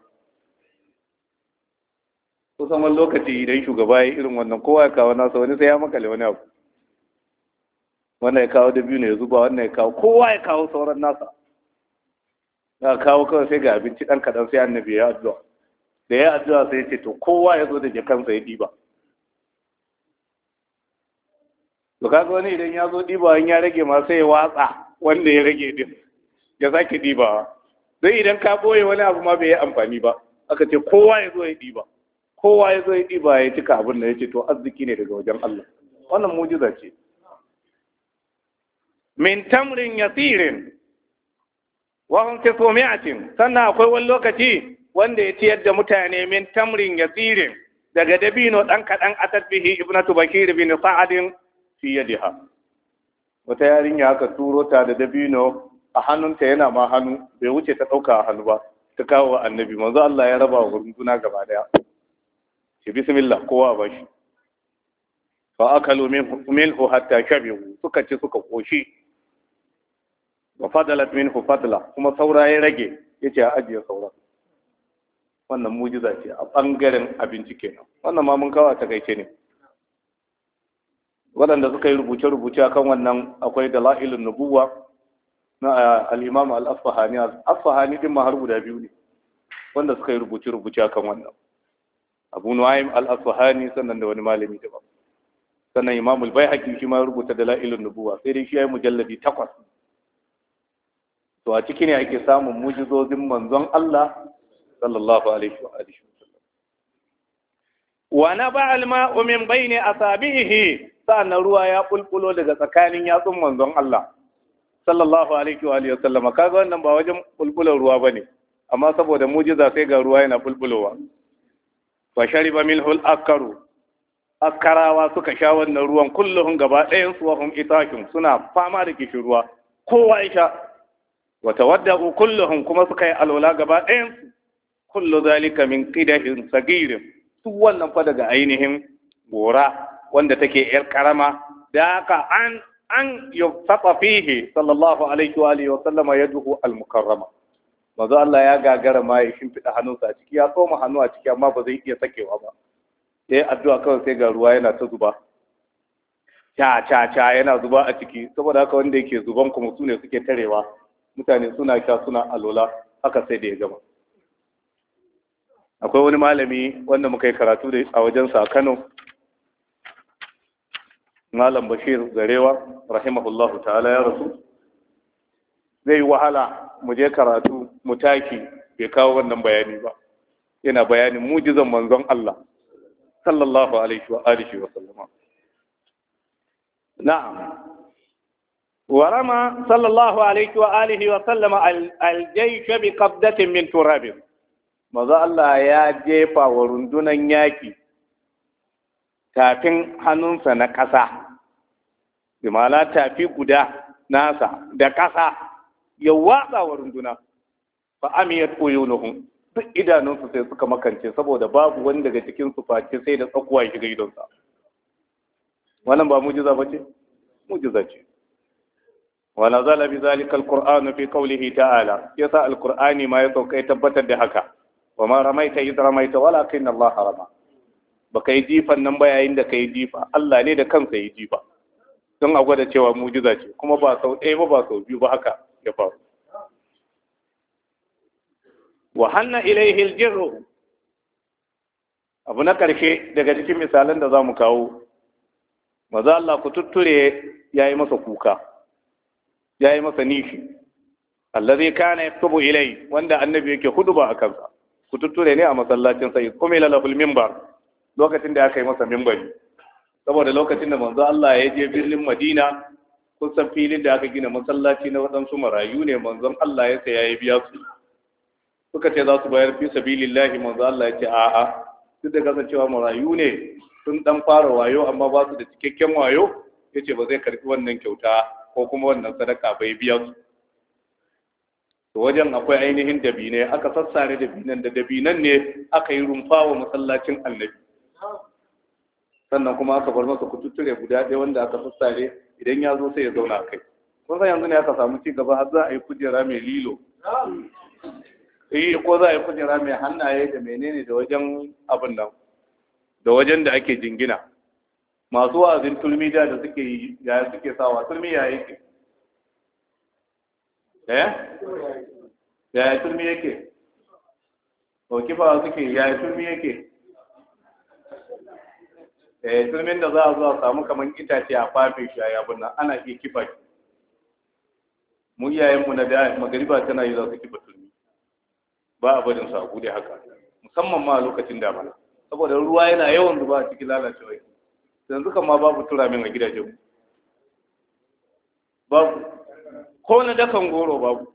kusan wani lokaci idan shugaba ya irin wannan kowa ya kawo nasa wani sai ya makale wani abu wannan ya kawo da biyu ne ya zuba wannan ya kawo kowa ya kawo sauran nasa ya kawo kawai sai ga abinci dan kaɗan sai annabi ya addu'a da ya addu'a sai ya ce to kowa ya zo da jakansa ya diba. to kaga wani idan ya zo diba in ya rage ma sai ya watsa wanda ya rage din ya sake dibawa. don idan ka ɓoye wani abu ma bai yi amfani ba aka ce kowa ya zo ya ɗiba kowa ya zo ya ɗiba ya cika abin da ya ce to arziki ne daga wajen Allah wannan mujiza ce min tamrin yasirin wa hum tisumi'atin sannan akwai wani lokaci wanda ya ciyar da mutane min tamrin yasirin daga dabino dan kaɗan asad bihi ibnatu bakir bin sa'adin fi yadiha wata yarinya aka turo ta da dabino a hannunta yana ma hannu bai wuce ta ɗauka a hannu ba ta kawo wa annabi manzo Allah ya raba wa gurguna gaba daya shi bismillah kowa ba shi fa akalu minhu hatta shabihu suka ci suka koshi wa fadalat minhu fadla kuma saura ya rage yace a ajiye saura wannan mujiza ce a bangaren abinci kenan wannan ma mun kawo a takaice ne waɗanda suka yi rubuce-rubuce akan wannan akwai dala'ilun nubuwa na eh, al al'afahani al'afahani asfahani din ma har guda biyu ne wanda suka yi rubuce rubuce akan wannan abu nu'aym al-asfahani sannan da wani malami ba. sannan imamul bai baihaqi shi ma ya rubuta la'ilun nubuwa sai dai shi ya yi mujalladi takwas to a ciki ne ake samun mujizozin manzon Allah sallallahu alaihi wa alihi wa na ba al-ma'u min bayni asabihi sannan ruwa ya bulbulo daga tsakanin yatsun manzon Allah sallallahu alaihi wa alihi sallama kaga wannan ba wajen bulbulan ruwa bane amma saboda mujiza sai ga ruwa yana bulbulowa wa shariba minhul akaru askarawa suka sha wannan ruwan kulluhum gaba ɗayan su wahum suna fama da kishirwa kowa ya sha wa tawadda'u kulluhum kuma suka yi alwala gaba ɗayan su kullu zalika min qidahin sagirin duk wannan fa daga ainihin gora wanda take yar karama da haka an an yubsata fihi sallallahu alaihi wa alihi wa sallama yaduhu al-mukarrama manzo Allah ya gagara ma ya shimfida hannunsa a ciki ya tsoma hannu a ciki amma ba zai iya sakewa ba sai addu'a kawai sai ga ruwa yana ta zuba cha cha cha yana zuba a ciki saboda haka wanda yake zuban kuma su ne suke tarewa mutane suna sha suna alola haka sai da ya gama akwai wani malami wanda muka yi karatu da a wajensa a Kano malam bashir garewa rahimahullahu ta'ala ya rasu zai wahala mu je karatu mu taki bai kawo wannan bayani ba yana bayanin mujizan manzon Allah sallallahu alaihi wa alihi wa sallama na'am ورمى صلى الله عليه وآله وسلم الجيش بقبضة من تراب maza Allah ya jefa wa rundunan yaki tafin hannunsa na ƙasa bi ma'ana tafi guda nasa da ƙasa ya watsa wa runduna fa amiyat uyunuhum duk idanunsu sai suka makance saboda babu wani daga cikin su face sai da tsakuwa ya shiga idonsa wannan ba mujiza ba ce mujiza ce wa nazala bi zalika alqur'anu fi qawlihi ta'ala yasa alqur'ani ma ya sauka tabbatar da haka wa ma ramaita idh ramaita walakin Allah rama baka yi jifan nan ba yayin da kai jifa Allah ne da kansa yi jifa don a gwada cewa mujiza ce kuma ba sau ɗaya ba ba sau biyu ba haka ya faru wa hanna ilaihi aljirru abu na ƙarshe daga cikin misalan da za mu kawo maza Allah ku tutture ya yi masa kuka ya yi masa nishi allazi kana yaktubu ilai wanda annabi yake huduba a kansa ku tutture ne a masallacin yi. kuma ila lahul minbar lokacin da aka yi masa minbari saboda lokacin da manzo Allah ya je birnin Madina kusan filin da aka gina masallaci na waɗansu marayu ne manzon Allah ya saya ya biya su suka ce za su bayar fi sabilillahi manzo Allah ya ce a'a duk da kasancewa marayu ne sun dan fara wayo amma ba su da cikakken wayo yace ba zai karbi wannan kyauta ko kuma wannan sadaka bai biya su to wajen akwai ainihin ne aka sassare dabinan da dabinan ne aka yi rumfa wa masallacin annabi sannan kuma aka bar masa kututture guda ɗaya wanda aka sassare idan ya zo sai ya zauna kai kun san yanzu ne aka samu ci gaba har za a yi kujera mai lilo eh, ko za a yi kujera mai hannaye da menene da wajen abin nan da wajen da ake jingina masu wa'azin tulmi da da suke yi ya suke sawa tulmi ya yake eh yaya tulmi yake ko kifa suke ya tulmi yake eh turmin da za a zuwa samu kamar itace a fafe shi a yabun nan ana iya kifa shi mu iyayenmu na da magariba tana yi za su kifa turmi ba a barin su a bude haka musamman ma a lokacin damana saboda ruwa yana yawan zuba a cikin lalacewa yanzu kan ma babu min a gidajen babu ko na dakan goro babu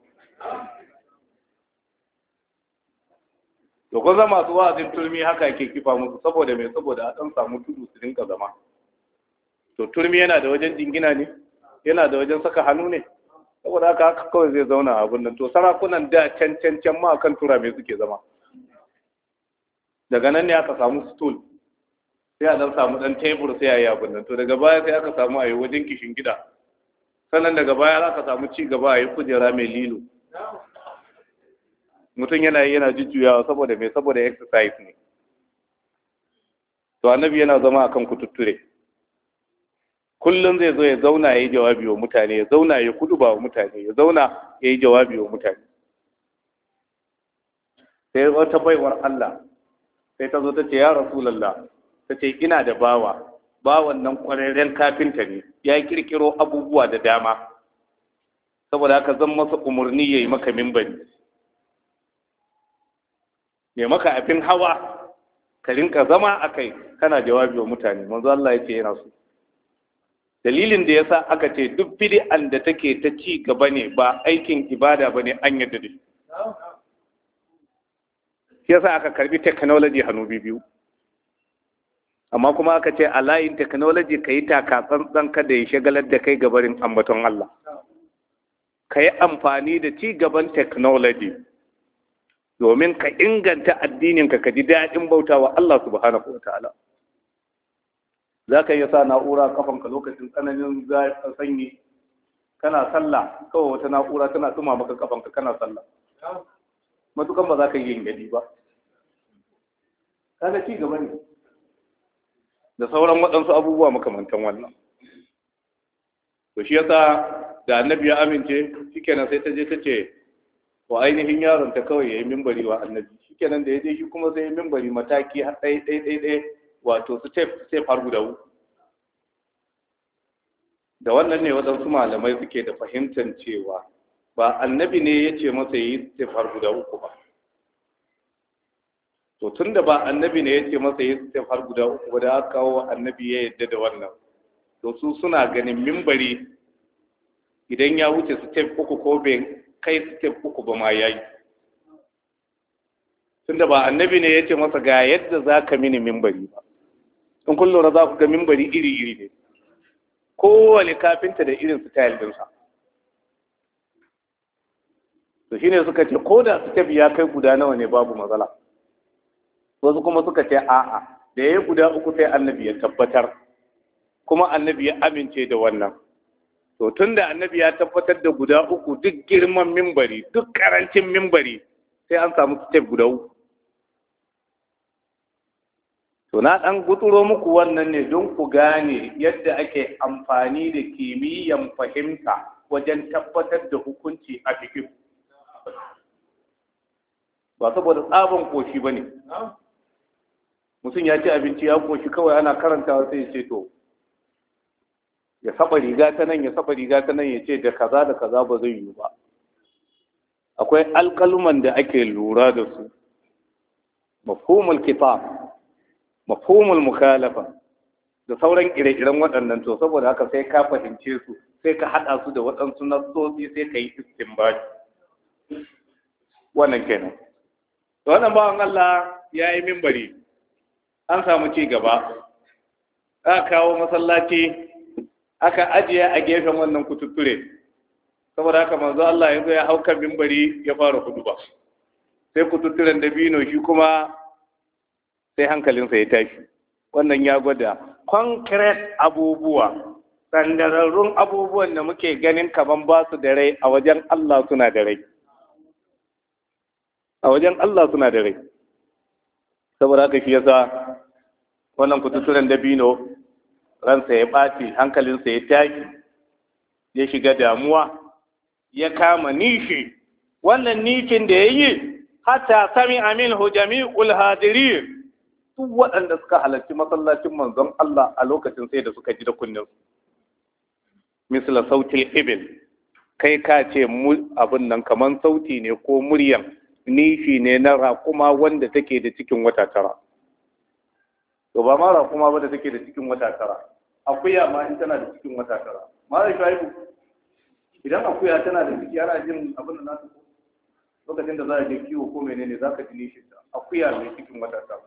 to ko zama su wa'azin turmi haka yake kifa musu saboda mai saboda a ɗan samu tudu su dinka zama to turmi yana da wajen jingina ne yana da wajen saka hannu ne saboda haka haka kawai zai zauna a abin nan to sarakunan da can can can ma kan tura mai suke zama daga nan ne aka samu stool sai a dan samu dan tebur sai a yi abin nan to daga baya sai aka samu a yi wajen kishin gida sannan daga baya za ka samu ci gaba a yi kujera mai lilo mutum yana yi yana jujjuyawa saboda mai saboda exercise ne to annabi yana zama akan kututture kullum zai zo ya zauna ya yi jawabi wa mutane ya zauna ya kudu ba wa mutane ya zauna ya yi jawabi wa mutane sai wata baiwar Allah sai ta zo ta ce ya rasulallah ta ce ina da bawa bawan nan kwararren kafinta ne ya kirkiro abubuwa da dama saboda haka zan masa umarni ya yi maka mimbari ya maka abin hawa ka rinka zama a kai kana jawabi wa mutane manzo Allah ya ce yana so dalilin da yasa aka ce duk bid'an da take ta ci gaba ne ba aikin ibada ba ne an yadda da shi yasa aka karbi technology hannu biyu amma kuma aka ce a layin technology ka yi taka tsantsan kada ya shagalar da kai gabarin ambaton Allah ka yi amfani da ci gaban technology domin ka inganta addininka ka ji daɗin bautawa Allah subhanahu wa ta'ala za ka iya sa na'ura kafanka lokacin tsananin sanyi kana sallah kawai wata na'ura tana tsuma maka kafanka kana sallah matukan ba za ka yi gadi ba kada ci gaba ne da sauran waɗansu abubuwa makamantan wannan to shi yasa da annabi ya amince shikenan sai ta je ta ce wa ainihin yaron ta kawai yayi mimbari wa annabi shikenan da yaje shi kuma zai yi mimbari mataki har ɗaya ɗaya dai dai wato step step har guda uku da wannan ne waɗansu malamai suke da fahimtar cewa ba annabi ne ya ce masa yi har guda uku ba to tun da ba annabi ne ya ce masa yi har guda uku ba da aka kawo annabi ya yadda da wannan to su suna ganin mimbari idan ya wuce step uku ko bai kai step uku ba ma yayi tunda ba annabi ne ya ce masa ga yadda za ka mini mimbari ba in kun lura za ku ga mimbari iri-iri ne kowane kafinta da irin style dinsa to ne suka ce ko da step ya kai guda nawa ne babu matsala wasu kuma suka ce a'a da ya yi guda uku sai annabi ya tabbatar kuma annabi ya amince da wannan to tun da annabi ya tabbatar da guda uku duk girman mimbari duk karancin mimbari sai an samu step guda uku to na dan guturo muku wannan ne don ku gane yadda ake amfani da kimiyyan fahimta wajen tabbatar da hukunci a cikin ba saboda tsabon koshi ba ne mutum ya ci abinci ya koshi kawai ana karanta sai ya ce to ya saba riga ta nan ya saba riga ta nan ya ce da kaza da kaza ba zai yi ba akwai alkaluman da ake lura da su mafhumul kitab mafhumul mukhalafa da sauran ire-iren waɗannan to saboda haka sai ka fahimce su sai ka haɗa su da waɗansu nassosi sai ka yi istinbaji wannan kenan to wannan bawan Allah ya yi mimbari an samu ci gaba aka kawo masallaci aka ajiye a gefen wannan kututture saboda haka manzo Allah zo ya hauka bimbari ya fara huduba sai kututturen da bino shi kuma sai hankalinsa ya tashi wannan ya gwada concrete abubuwa sandararrun abubuwan da muke ganin kaman ba su da rai a wajen Allah suna da rai a wajen Allah suna da rai saboda haka shi yasa wannan kututturen dabino ransa ya ɓaci hankalinsa ya tashi ya shiga damuwa ya kama nishi wannan nishin da ya yi Hata sami amin hujami ulhadiri duk waɗanda suka halarci masallacin manzon Allah a lokacin sai da suka ji da kunnen misla sautil ibil kai ka ce abin nan kaman sauti ne ko muryan nishi ne na raƙuma wanda take da cikin wata tara to ba ma raƙuma ba da take da cikin wata tara akuya ma in tana da cikin wata tara malam shaibu idan akuya tana da ciki ana jin abin da nasu ko lokacin da za a je kiwo ko menene za ka ji shi akuya mai cikin wata tara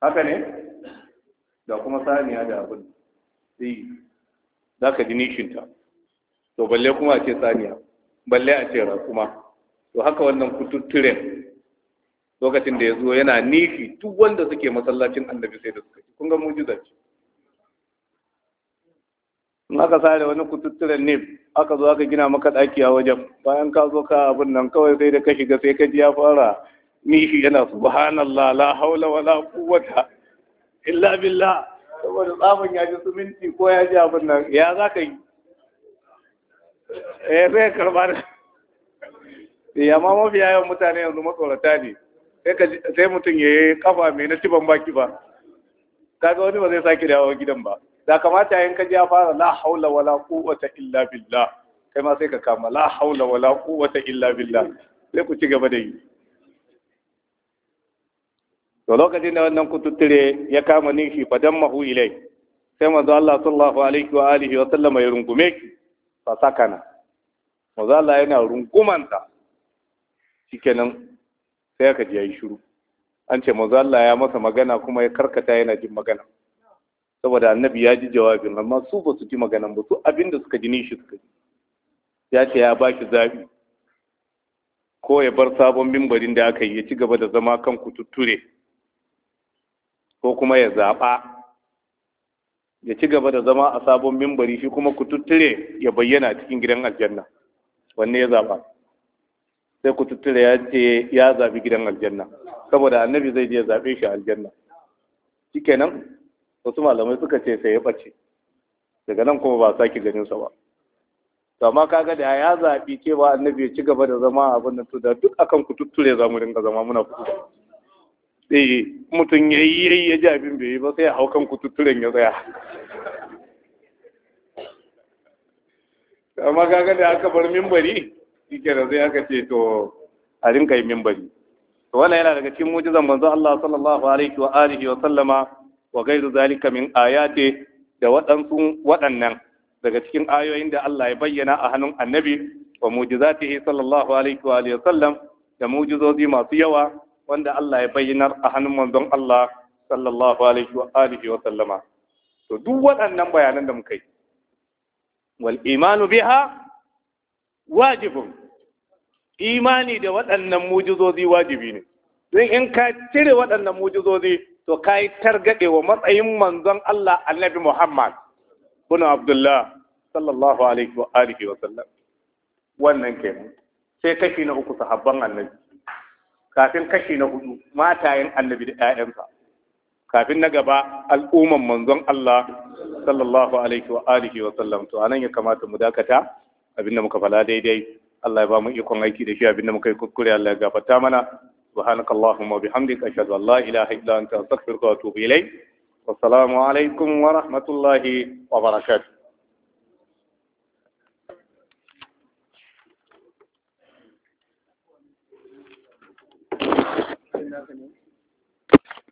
haka ne da kuma saniya da abin sai za ka ji shi ta to balle kuma a ce saniya balle a ce rakuma to haka wannan kututturen lokacin da ya zo yana nifi duk wanda suke masallacin annabi sai da suka ci kun ga mujiza ce in aka sare wani kututturen nif aka zo aka gina maka daki a wajen bayan ka zo ka abin nan kawai sai da ka shiga sai ka ji ya fara nifi yana subhanallah la haula wala quwwata illa billah saboda tsafin ya ji suminti ko ya ji abin nan ya za ka yi eh sai karba ya ma mafiya yawan mutane yanzu matsorata ne sai mutum ya yi kafa mai na ciban baki ba kaga wani ba zai sake dawo gidan ba da kamata yin kaji ya fara la haula wala quwwata illa billah kai ma sai ka kama la haula wala quwwata illa billah sai ku ci gaba da yi to lokacin da wannan kututture ya kama nishi fadan mahu ilai sai manzo Allah sallallahu alaihi wa alihi wa sallama ya rungume ki fa sakana manzo Allah yana rungumanta shikenan sai aka ji ya yi shiru an ce manzo Allah ya masa magana kuma ya karkata yana jin magana saboda annabi ya ji jawabin amma su ba su ji maganan ba su abinda suka ji ni shi suka ji ya ce ya ba shi zabi ko ya bar sabon mimbarin da aka yi ya ci gaba da zama kan kututture ko kuma ya zaɓa ya ci gaba da zama a sabon mimbari shi kuma kututture ya bayyana cikin gidan aljanna wanne ya zaɓa sai ku tuttura ya ce ya zabi gidan aljanna saboda annabi zai je zabe shi aljanna shikenan wasu malamai suka ce sai ya bace daga nan kuma ba sake ganin sa ba to amma kaga da ya zabi cewa annabi ya ci gaba da zama abin nan to da duk akan ku tutture za mu rinka zama muna kudu Sai eh, mutum yayi yayi ya ji abin bai yi ba sai hau kan ku tutturen ya tsaya amma kaga da aka bar mimbari shikenan kenan sai aka ce to a rinka yi mimbari to wannan yana daga cikin mujizan manzo Allah sallallahu alaihi wa alihi wa sallama wa gairu zalika min ayati da wadansu wadannan daga cikin ayoyin da Allah ya bayyana a hannun annabi wa mujizatihi sallallahu alaihi wa alihi wa sallam da mujizozi masu yawa wanda Allah ya bayyana a hannun manzon Allah sallallahu alaihi wa alihi wa sallama to duk waɗannan bayanan da muka yi wal imanu biha wajibin imani da waɗannan mujizozi wajibi ne don in ka cire waɗannan mujizozi to ka yi targaɗe wa matsayin manzon Allah annabi Muhammad bin Abdullah sallallahu alaihi wa alihi wa sallam wannan ke? sai kashi na uku sahabban annabi kafin kashi na hudu matayen annabi da ƴaƴansa kafin na gaba al'umman manzon Allah sallallahu alaihi wa alihi wa sallam to anan ya kamata mu dakata abinda muka fala daidai Allah ya ba mu ikon aiki da shi abinda muka yi kuskure Allah ya gafarta mana subhanakallahumma wa bihamdika ashhadu an la ilaha illa anta astaghfiruka wa atubu ilayk والسلام عليكم ورحمة wa وبركاته Thank you.